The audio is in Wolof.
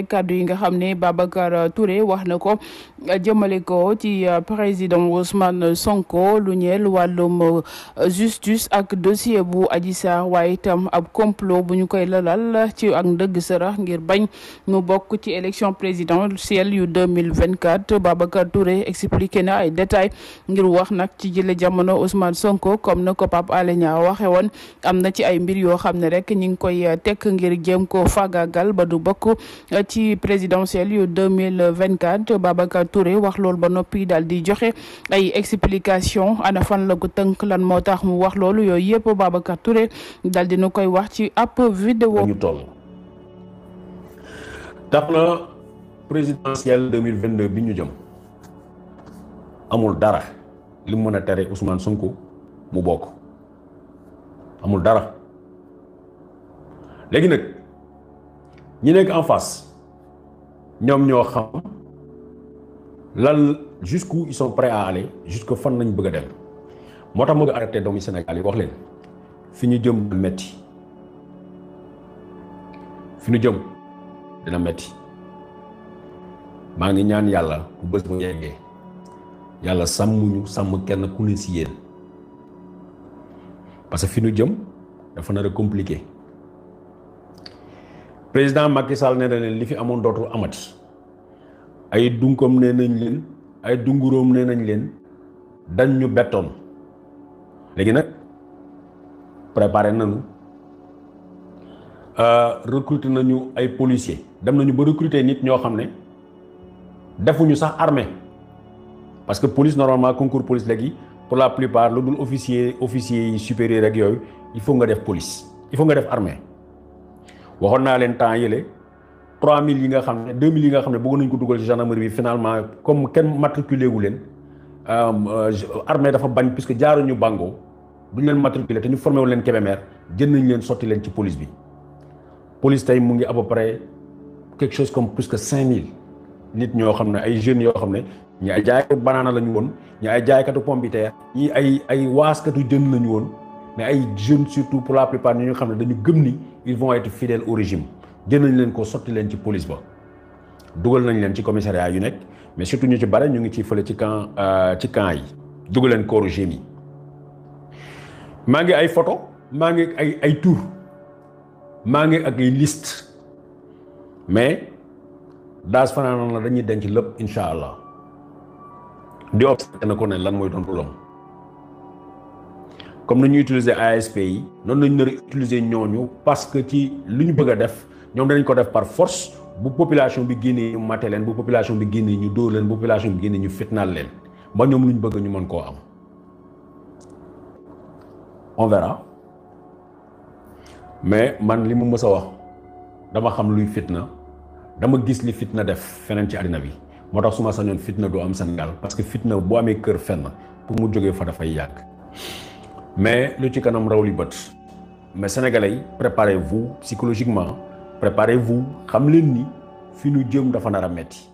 rek kàddu yi nga xam ne Babacar Touré wax na ko jëmale ko ci euh, président Ousmane Sonko lu ñeel wàllum euh, justice ak dossier bu Adji Sarr waaye itam ab complot bu ñu koy lalal ci ak ndëgg sërax ngir bañ nu bokk ci élection présidentielle yu 2024 Babacar Touré expliqué na ay détails ngir wax nag ci jële jamono Ousmane Sonko comme na ko Pape Alé Niang waxe woon am na ci ay mbir yoo xam ne rek ñi ngi koy euh, tekk ngir jéem ko fagagal ba du bokk ci présidentielle yu 2024 Babacar Touré wax loolu ba noppi daal di joxe ay explication ana fan la ko tënk lan moo tax mu wax loolu yooyu yëpp Babacar Touré daal di koy wax ci ab vidéo ñu toll tax na présidentielle 2022 bi ñu jëm amul dara li mu mën a tere Ousmane Sonko mu bokk amul dara léegi nag ñi nekk en face ñoom ñoo xam lan jusqu'où ils sont prêts à jusque fan nañ bëgg a dem moo tax ma bëgg arrêté doomu Sénégal yi wax leen fi ñu jëm dina metti fi ñu jëm dina metti maa ngi ñaan yàlla bu bés bu yeggee yàlla sàmmuñu sàmm kenn ku ne si yéen parce que fi ñu jëm dafa nar a compliqué président Macky Sall nee na leen li fi amoon dootul amati ay dunkam nee nañ leen ay dunguroom nee nañ leen dañ ñu bettoon léegi nag préparé nañu euh, recruter nañu ay policiers dem nañu ba recruter nit ñoo xam ne defuñu sax armee parce que police normalement concours police yi pour la plupart lu dul officier officier yi supérieur rek yooyu il faut nga def police il faut nga def armée waxoon naa leen temps yële 3000 yi nga xam ne 2000 yi nga xam ne bëggoon nañu ko dugal ci gendarmerie bi finalement comme kenn matriculé wu leen euh, armée dafa bañ puisque ñu Bango duñ leen matriculé te ñu formé wu leen Kébémer jën nañ leen sotti leen ci police bi. police tey mu ngi à peu pare quelque chose comme plus que mille nit ñoo xam ne ay jeunes yoo xam ne ñi ay jaaykatu banaana la ñu woon ñi ay jaaykatu pompiteer ñi ay ay waaskatu jën la ñu woon. mais ay jeunes surtout pour la plupart ñi nga xam ne dañu gëm ni ils vont être fidèles au régime jël nañ leen ko sotti leen ci police ba dugal nañ leen ci commissariat yu nekk mais surtout ñu ci bare ñu ngi ci fële ci camp euh, ci camp yi dugal leen kooru régime yi maa ngi ay photo maa ngi ay ay tour maa ngi ak ay liste mais daas fanaanoon la dañuy denc lépp incha allah di observé ko ne lan mooy doon problème comme nañu utiliser ASP yi noonu lañu nar a utiliser ñooñu parce que ci lu ñu bëgg a def ñoom dañ ko def par force bu population bi génnee ñu mate leen bu population bi génnee ñu dóor leen bu population bi génnee ñu fitnaal leen ba ñoom lu ñu bëgg ñu mën koo am on verra mais man li mu mës a wax dama xam luy fitna dama gis li fitna def feneen ci àddina bi moo tax su ma sañoon fitna du am Sénégal parce que fitna bu amee kër fenn pour mu jógee fa dafay yàgg. mais lu ci kanam raw li bët mais sénégalais yi préparez-vous psychologiquement préparez-vous xam leen ni fi nu jëm dafa nar a metti